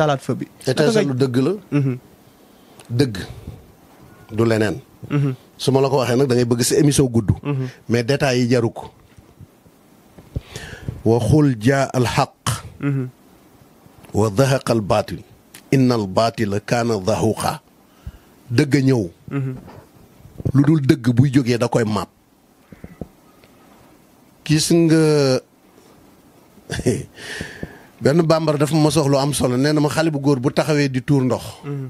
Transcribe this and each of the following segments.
talaat fa bi. étincelle dëgg la. Mhm. dëgg du leneen. Mhm. su ma la ko waxee nag da bëgg sa émission gudd. Mhm. mais détails yi jaru ko. wa xul jaa al xaq. wa dahaqa al baatil. inna al baatila kaana dahuqa dëgg a ñëw. lu dul dëgg buy jógee da koy maap. gis nga. benn bambara dafa ma soxlu am solo nee na ma xale bu góor bu taxawee di tuur ndox. Mhm.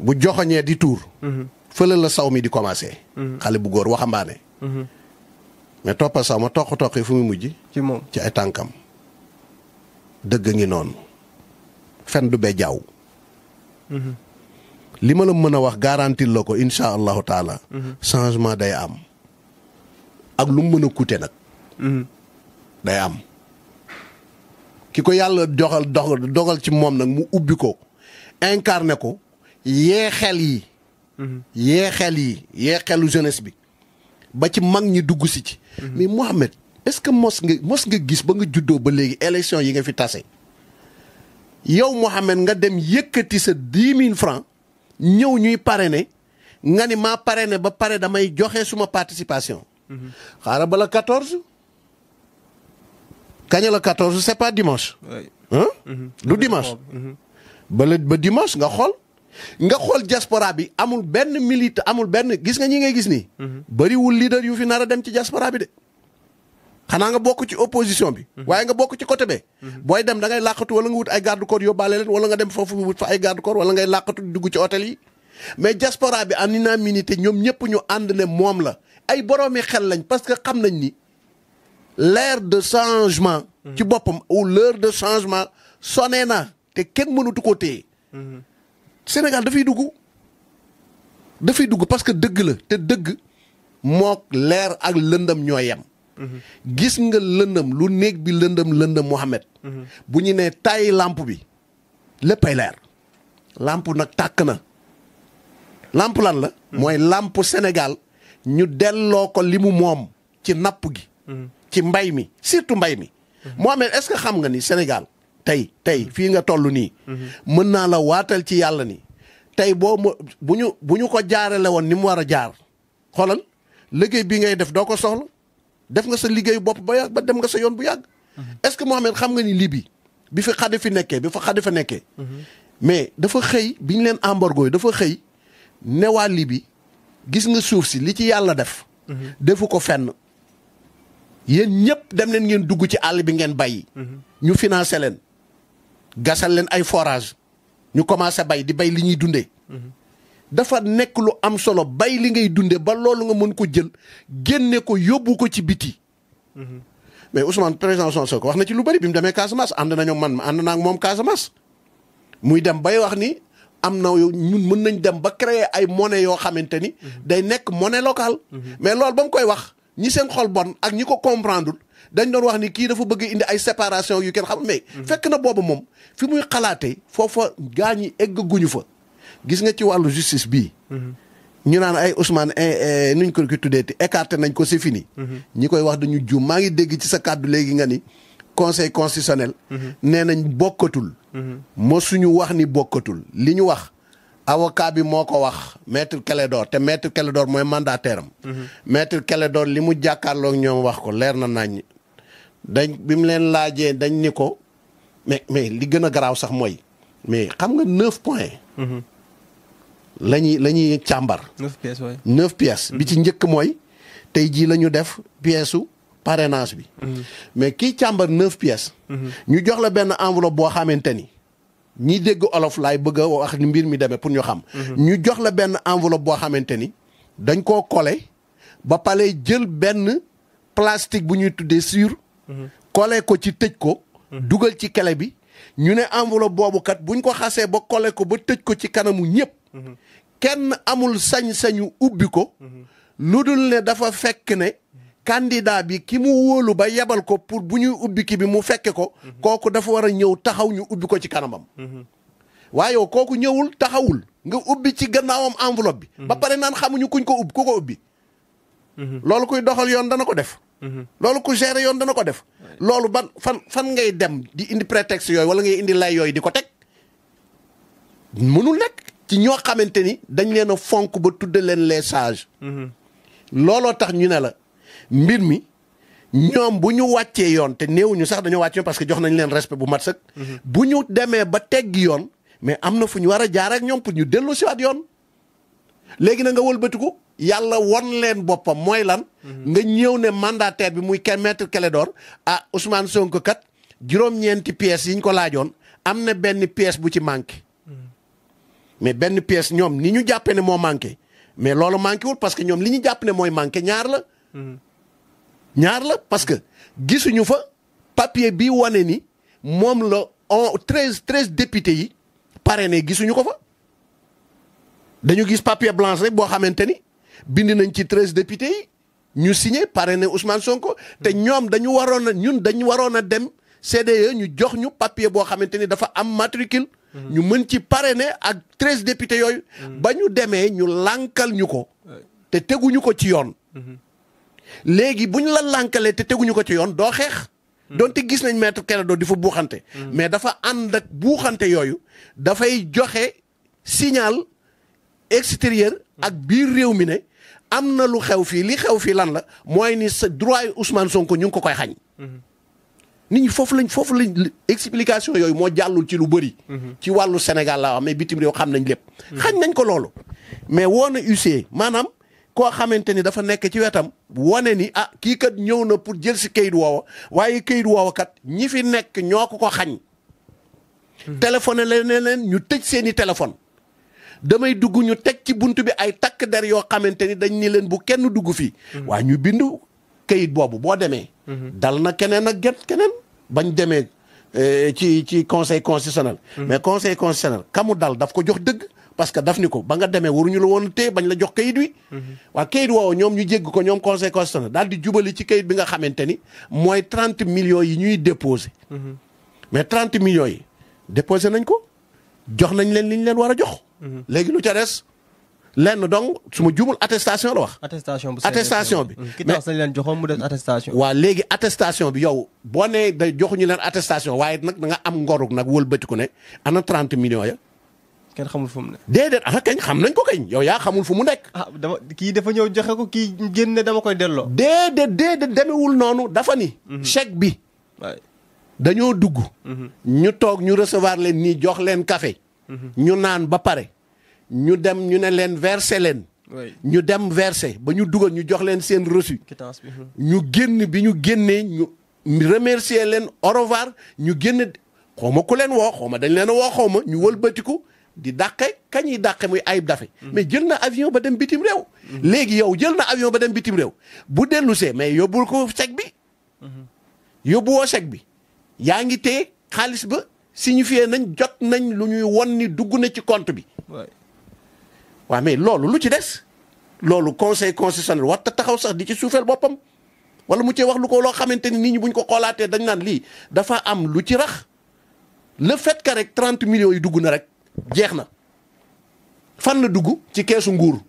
bu joxoñee di tuur. Mhm. fële saw mi di commencé. Mhm. xale bu góor waxambaane. ma toppal saw ma toq toq fu muy mujj. ci moom ci ay tànkam. dëgg ngi noonu. fen du be jaaw. li ma la mën a wax garantir la ko incha allahu taala. changement day am. ak lu mën a coûter nag. day am. ki ko yàlla doxal dox dogal ci moom nag mu ubbi ko ne ko yee xel yi mhm. yee xel yi yee xelu jeunesse bi ba ci mag ñi dugg si ci mhm. mais Mouhamed est-ce que mos nga mos nga gis ba nga juddoo ba léegi élection yi nga fi tase yow Mouhamed nga dem yëkkati sa dix mille francs ñëw ñuy pare ne nga ni maa pare ne ba pare damay joxe suma participation mhm. xaaral ba la kañ la 14 c'est pas dimanche. ah du dimanche. Mm-hmm. ba la ba dimanche nga xool. nga xool diaspora bi amul benn milite amul benn gis nga ñi ngay gis nii. Mm-hmm. bëriwul leader yu fi nar a dem ci diaspora bi de. xanaa nga bokk ci opposition bi. waaye nga bokk ci côté be. booy dem da ngay làqatu wala nga wut ay garde corps yóbbaale leen wala nga dem foofu wut fa ay garde corps wala ngay làqatu dugg ci hôtel yi. mais diaspora bi en unanimité ñoom ñëpp ñu ànd ne moom la ay boroomi xel lañ parce que xam nañ ni. leer de changement ci boppam ou l'heure de changement sonné na te kenn mënatu ko téye Sénégal dafay dugg dafay dugg parce que dëgg la te dëgg mook leer ak lëndëm ñoo yem gis nga lëndëm lu néeg bi lëndëm lëndëm Mohamed bu ñu nee tàyyi làmp bi léppay leer làmp nag tàkk na làmp lan la mooy làmp Sénégal ñu delloo ko li mu moom ci napp gi ci mbay mi surtout mbay mi. Mohamed est-ce que xam nga ni Sénégal tey tey fii nga toll nii. mën naa la waatal ci yàlla ni tey boo ma bu ñu bu ñu ko jaarale woon ni mu war a jaar xoolal liggéey bi ngay def doo ko soxla def nga sa liggéeyu bopp ba yàgg ba dem nga sa yoon bu yàgg. Mm-hmm. est-ce que Mohamed xam nga ni Libye bi fi Kadhafi nekkee bi fa Kadhafi nekkee. Mm-hmm. mais dafa xëy bi ñu leen embargo dafa xëy ne waa gis nga suuf si li ci yàlla def. Mm-hmm. defu ko fenn. yéen ñëpp dem leen ngeen dugg ci àll bi ngeen bay ñu financé leen gasal leen ay forage ñu commencé bay di bay li ñuy dundee. dafa nekk lu am solo bay li ngay dundee ba loolu nga mën ko jël génne ko yóbbu ko ci biti. mais Ousmane président Sonko wax na ci lu bari bi mu demee Casamance ànd nañoo man ànd naa ak moom Casamance. muy dem bay wax ni am na mën nañ dem ba créer ay monnaie yoo xamante ni. Mm-hmm. day nekk monnaie locale. Mm-hmm. mais loolu ba mu koy wax. ñi seen xol bon ak ñi ko comprendre dañ doon wax ni kii dafa bëgg indi ay séparation yu kenn xam mais. Mhm. fekk na boobu moom fi muy xalaatee foofa gaa ñi eggaguñu fa. gis nga ci wàllu justice bii. Mhm. ñu naan ay Ousmane eh, eh, nuñ ko ki tuddee écarté nañ ko c'est ni mhm. ñi koy wax dañu juum maa ngi dégg ci sa kàddu léegi nga ni conseil constitutionnel. nee nañ bokkatul. mosuñu wax ni bokkatul li ñu wax. avocat bi moo ko wax maître Clédor te maître Clédor mooy mandataire am. Mhm. maître li mu jàkkaarloog ñoom wax ko leer na nañ dañ bi mu leen laajee dañ ni ko mais mais li gën a garaaw sax mooy mais xam nga neuf points. Mhm. la ñuy la ñuy càmbar. neuf pièces waay bi mhm. ci njëkk mooy tey jii la ñu def pièce su parrainage bi. mais kii càmbar neuf pièces. ñu joxla benn enveloppe boo xamante ni. ñii dégg olof laay bëgg a wax ni mbir mi demee pour ñu xam. Mhm. ñu jox la benn enveloppe boo xamante ni dañ koo collé ba pare jël benn plastique bu ñuy tuddee sur. kole mhm. ko ci tëj ko. Mhm. dugal ci kele bi ñu ne enveloppe boobu kat buñ ko xasee ba collé ko ba tëj ko ci kanamu ñëpp. kenn amul sañ-sañu ubbi ko. lu dul ne dafa fekk ne. candidat bi ki mu wóolu ba yebal ko pour bu ñuy ubbi ki bi mu fekke ko kooku dafa war a ñëw taxaw ñu ubbi ko ci kanamam waaye kooku ñëwul taxawul nga ubbi ci gannaawam enveloppe bi ba pare xamuñu kuñ ko ubbi ku loolu kuy doxal yoon dana ko def loolu ku gérer yoon dana ko def loolu ban fan fan ngay dem di indi prétexte yooyu wala ngay indi lay yooyu di ko teg mënul nekk ci ñoo xamante ni dañ leen fonk ba tudde leen les sages mhm. looloo tax ñu ne la mbir mi ñoom bu ñu wàccee yoon te néewuñu sax dañoo wàcc yoon parce que jox nañ leen respect bu mat sëkk. Mhm. bu ñu demee ba tegg yoon mais am na fu ñu war a jaar ak ñu dellu siwaat yoon. léegi na nga wëlbatiku yàlla won leen boppam mooy lan. Mhm. nga ñëw ne mandataire bi muy maître Clédor ah Ousmane Sonko kat juróom-ñeenti pièces yi ñu ko laajoon am na benn pièce bu ci manqué. Mhm. mais benn pièce ñoom ni ñu jàppee ne moo manqué mais loolu manqué wul parce que ñoom li ñu jàpp ne mooy manqué ñaar la. ñaar la parce que gisuñu fa papier bi wane ni moom la on treize treize députés yi ne gisuñu ko fa dañu gis papier blanc boo xamante ni bind nañ ci treize députés yi ñu signé parrainé Ousmane Sonko te ñoom dañu waroon a ñun dañu waroon a dem CDE ñu jox ñu papier boo xamante ni dafa am matricule. ñu mën ci parrainé ak treize députés yooyu. Mm-hmm. ba ñu demee ñu lànkal ñu ko. te teguñu ko ci yoon. Mm-hmm. léegi bu ñu la lànkalee te teguñu ko ci yoon doo xeex. Hmm. donte gis nañ maître Clédor di fa buuxante. Hmm. mais dafa ànd ak buuxante yooyu dafay joxe signal extérieur. Hmm. ak biir réew mi ne am na lu xew fii li xew fii lan la mooy ni sa droit yi Ousmane Sonko ñu ngi ko koy xañ. nit ñi foofu lañ foofu lañ explication yooyu moo jàllul ci lu bëri. ci wàllu senegal laa wax mais bitim réew xam nañ lépp. xañ nañ ko loolu mais woon na maanaam. koo xamante ni dafa nekk ci wetam wane ni ah kii kat ñëw na pour jël si kayit woowa waaye kayit woowa kat ñi fi nekk ñoo ko ko xañ hmm. téléphoné leen leen ñu tëj seeni téléphone damay dugg ñu teg ci bunt bi ay takk der yoo xamante ni dañ ni leen bu kenn dugg fii hmm. waa ñu bindu kayit boobu boo demee hmm. dal na keneen ak get keneen bañ demee eh, ci ci conseil constitutionnel mais conseil constitutionnel kamu dal daf ko jox dëgg parce que daf ni ko ba nga demee waruñu la woon téye bañ la jox kayit wi. waa kayit woowu ñoom ñu jégg ko ñoom conseil constitutionnel daal di jubali ci kayit bi nga xamante ni mooy 30 millions yi ñuy déposé. mais 30 millions yi déposé nañ ko jox nañ leen li ñu leen war a jox. léegi lu ca des lenn donc su ma jumul attestation la wax. attestation bu attestation bi. mais leen joxoon mu def attestation. waa léegi attestation bi yow boo nee da joxuñu leen attestation waaye nag da nga am ngorug nag wëlbatiku ne ana 30 millions ya. kenn xamul fu mu ne. déedéet ah kañ xam nañ ko kañ yow yaa xamul fu mu nekk. Ah, dama kii dafa ñëw joxe ko kii génne dama koy delloo. déedéet déedéet demewul noonu dafa ni. Mhm. chèque bi. dañoo dugg. Mhm. ñu toog ñu recevoir leen nii jox leen kafe mhm. ñu naan ba pare. ñu dem ñu ne leen verser leen. ñu dem verser ba ñu dugal ñu jox leen seen reçu. quittance ñu génn bi ñu génnee ñu. remercier leen au ñu génn xaw ma ku leen woo xaw ma dañ leen a woo xaw ma ñu wëlbatiku. di dàqe kañuy dàqe muy ayib dafe mais jël na avion ba dem bitim réew léegi yow jël na avion ba dem bitim réew bu dellusee mais yóbbul ko seg bi yóbbuwoo seg bi yaa ngi téye xaalis ba signifié nañ jot nañ lu ñuy won ni dugg na ci compte bi waa mais loolu lu ci des loolu conseil constitutionnel war taxaw sax di ci suufeel boppam wala mu cee wax lu ko loo xamante ni nit ñi buñ ko xoolaatee dañ naan lii dafa am lu ci rax le fait que rek trente millions yi dugg na rek jeex na fan na dugg ci keesu nguur.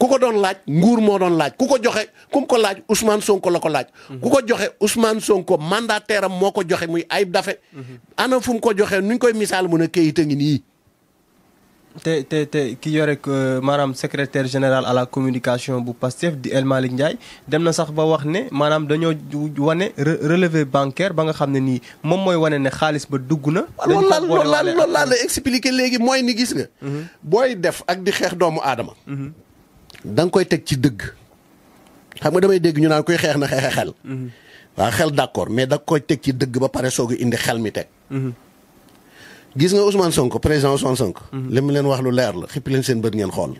ku ko doon laaj nguur moo doon laaj ku ko joxe ku mu ko laaj Ousmane Sonko la ko laaj. ku ko joxe Ousmane Sonko mandataire am moo ko joxe muy Ayib Daffé. Mhm. ana fu mu ko joxe nuñ koy misaal mu ne kayit ngi nii. te te te ki yore euh, maanaam secretaire général à la communication bu PASTEF di El Malick Ndiaye dem na sax ba wax ne maanaam dañoo wane relevé bancaire ba nga xam ne nii moom mooy wane ne xaalis ba dugg na. Ah, loolu laa loolu la lay expliqué léegi mooy ni gis nga. Mhm. booy def ak di xeex doomu aadama. Mhm. da nga koy teg ci dëgg. xam nga damay dégg ñu naan koy xeex na xeexe xel. Mhm. waa xel d'accord mais da nga koy teg ci dëgg ba pare soog a indi xel mi teg. gis nga usmaan Sonko président Ousmane Sonko. Mhm. li mu leen wax lu leer la xippi seen bët ngeen xool.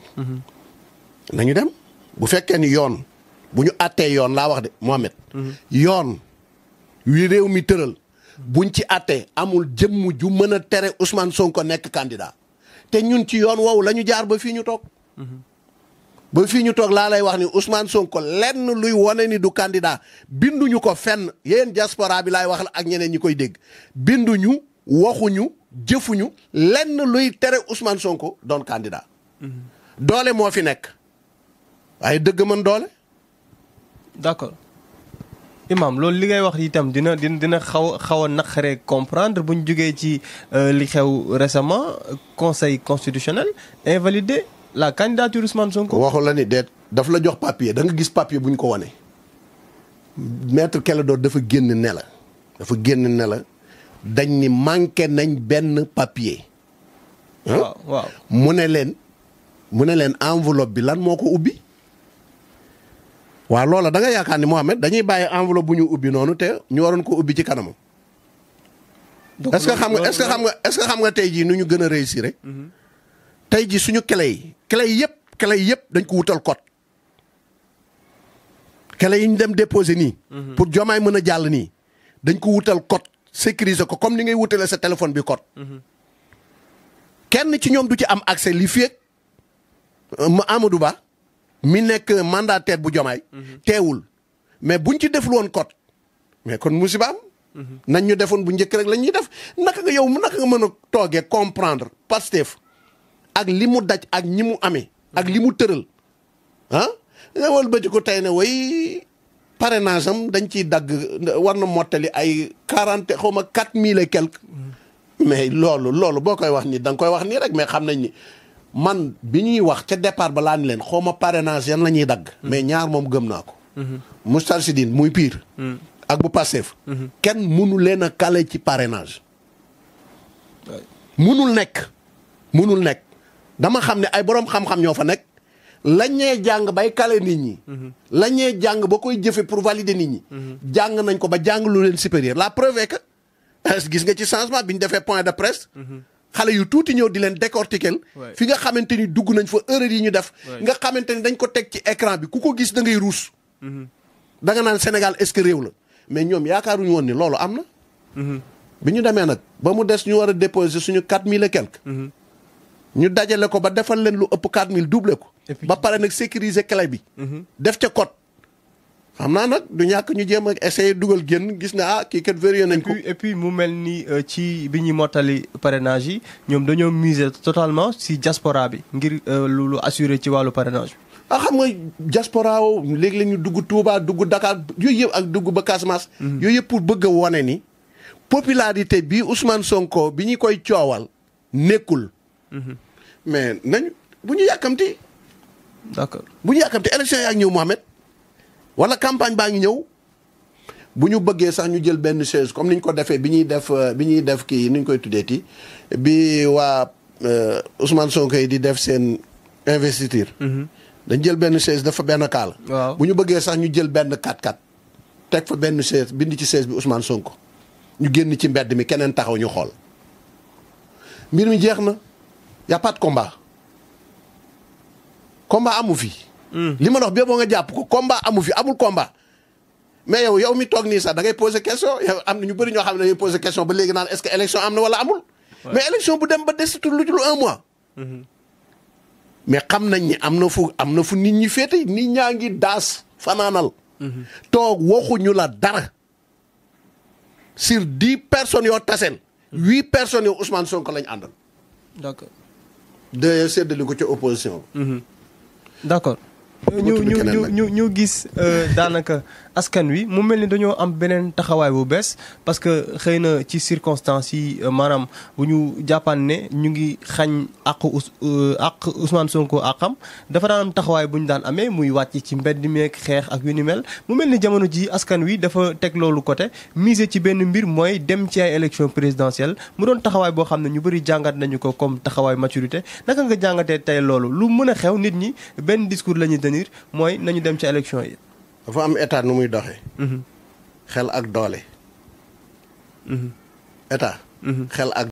lañu mhm. dem bu fekkee ni yoon bu ñu àttee yoon laa wax de Mohamed. Mhm. yoon wi réew mi tëral. buñ ci àttee amul jëmm ju mën a tere Ousmane Sonko nekk candidat te ñun ci yoon woowu lañu jaar ba fii ñu toog. ba fii ñu toog laa lay wax ni usmaan Sonko lenn luy wone ni du candidat binduñu ko fenn yéen diaspora bi laay wax la ak ñeneen ñi koy dégg binduñu woxuñu jëfuñu lenn luy tere Ousmane Sonko doon candidat. doole moo fi nekk waaye dëgg mën doole. d'accord imam loolu li ngay wax itam dina dina dina xaw xaw a naqaree comprendre bu ñu jógee ci euh, li xew récemment conseil constitutionnel invalidé la candidature Ousmane Sonko. waxu la ni deet daf la jox papier da nga gis papier bu ñu ko wane. maître Clédor dafa génn ne la dafa génn ne la. dañ ni manqué nañ benn papier. waaw mu ne leen mu ne leen enveloppe bi lan moo ko ubbi. waa loola da nga yaakaar ni Mohamed dañuy bàyyi enveloppe bu ñu ubbi noonu te ñu waroon ko ubbi ci kanamam. est-ce que xam nga est-ce que xam nga est xam nga tey jii nu ñu gën a rek. Mm-hmm. tey jii suñu clé yi clé yi yëpp clé yi yëpp dañ ko wutal code. clé yi ñu dem déposer nii. Mm-hmm. pour jomaay mën a jàll nii dañ ko wutal code. sécuriser ko comme ni ngay wutale sa téléphone bi code. kenn ci ñoom du ci am accès li fii euh, Amadou Ba mi nekk mandataire bu Jomaay. teewul mais buñ ci deful woon code mais kon musiba am. nañ ñu defoon bu njëkk rek lañuy def naka nga yow naka nga mën a toogee comprendre Pastef ak li mu daj ak ñi mu amee. ak li mu tëral ah nga wal ba tey ne way parrainage am dañ ciy dagg war na mottali ay quarante xaw ma quatre mille quelque. mais loolu loolu boo koy wax nii da nga koy wax nii rek mais xam nañ ni man bi ñuy wax ca départ ba laa ni leen xaw ma parrainage yan la ñuy dagg. mais ñaar moom gëm naa ko. Moustarchidine muy pire. ak bu Pastef. kenn mënu leen a kale ci parrainage. mënul nekk mënul nekk dama xam ne ay boroom xam-xam ñoo fa nekk. lañ ñee jàng bay kale nit ñi. Mhm. lañ ñee jàng ba koy jëfe pour valider nit ñi. Mhm. jàng nañ ko ba jàng lu leen supérieur la preuve est gis nga ci changement bi ñu defee point de presse. Mhm. xale yu tuuti ñëw di leen décortiquer fi nga xamante ni dugg nañ fa erreur yi ñu def. nga xamante ni dañ ko teg ci écran bi ku ko gis da ngay ruus. da nga naan Sénégal est-ce que réew la mais ñoom yaakaaruñu woon ni loolu am na. bi ñu demee nag ba mu des ñu war a déposer suñu quatre mille et ñu dajale ko ba defal leen lu ëpp 4000 double ko. ba pare nag sécuriser clé bi. Mhm. def ca code. xam naa nag du ñàkk ñu jéem a essayer dugal génn gis ne ah kii kat vérifié nañ ko. et mu mel ni euh, ci bi ñuy mottali parrainage yi ñoom dañoo miser totalement si diaspora bi ngir euh, lu lu assurer ci wàllu parrainage bi. ah xam nga diaspora léegi la ñu dugg tuubaa dugg Dakar yooyu yëpp ak dugg ba Casamance. Mhm. yooyu yëpp pour bëgg a wone ni. popularité bi Ousmane Sonko bi ñu koy coowal nekkul. Mhm. mais nañ bu ñu yàkkamti. d'accord bu ñu yàkkamti élection yaa ngi ñëw Mohamed wala campagne baa ngi ñëw. bu ñu bëggee sax ñu jël benn chaise comme ni ko defee bi ñuy def euh, bi ñuy def kii ni koy tuddee ti bi waa euh, Ousmane Sonko yi di def seen investiture. Mhm. dañ jël benn chaise dafa benn kaala. waaw bu ñu bëggee sax ñu jël benn 4 kat teg fa benn chaise bind ci chaise bi Ousmane Sonko ñu génn ci mbedd mi keneen taxaw ñu xool mbir mi jeex na. y a pas amu fi. Hmm. li ma dox bee boo nga jàpp ko combat amu fi amul combat. mais yow yow mi toog nii sax da ngay poser question yow am na ñu bëri ñoo xam ne dañuy poser question ba léegi naan est-ce que am na wala amul. mais élection bu dem ba desitul lu dul un mois. Mhm. mais xam nañ ni am na fu am na fu nit ñi féete nit ñaa ngi daas fanaanal. Mhm. toog waxuñu la dara. sur dix personnes yoo taseen. huit personnes yoo Ousmane Sonko lañ àndal. de seddali ko ci opposition. Mm-hmm. d' accord. ñu ñu ñu ñu gis euh, daanaka. askan wi mu mel ni dañoo am beneen taxawaay bu bees parce que xëy na ci circonstances yi euh, maanaam bu ñu jàppaan ne ñu ngi xañ ak euh, àq Ousmane ak àqam dafa daan am taxawaay bu ñu daan amee muy wàcc ci mbedd meeg xeex ak yu ni mel mu mel ni jamono ji askan wi dafa teg loolu côté mise ci benn mbir mooy dem ci ay élection présidentielle mu doon taxawaay boo xam ne ñu bëri jàngat nañu ko comme taxawaay maturité naka nga jàngatee tey loolu lu mën a xew nit ñi benn discours la ñuy tenir mooy nañu dem ci élection yi dafa am état nu muy doxee. Mm-hmm. xel ak doole. Mm-hmm. état. Mm-hmm. xel ak.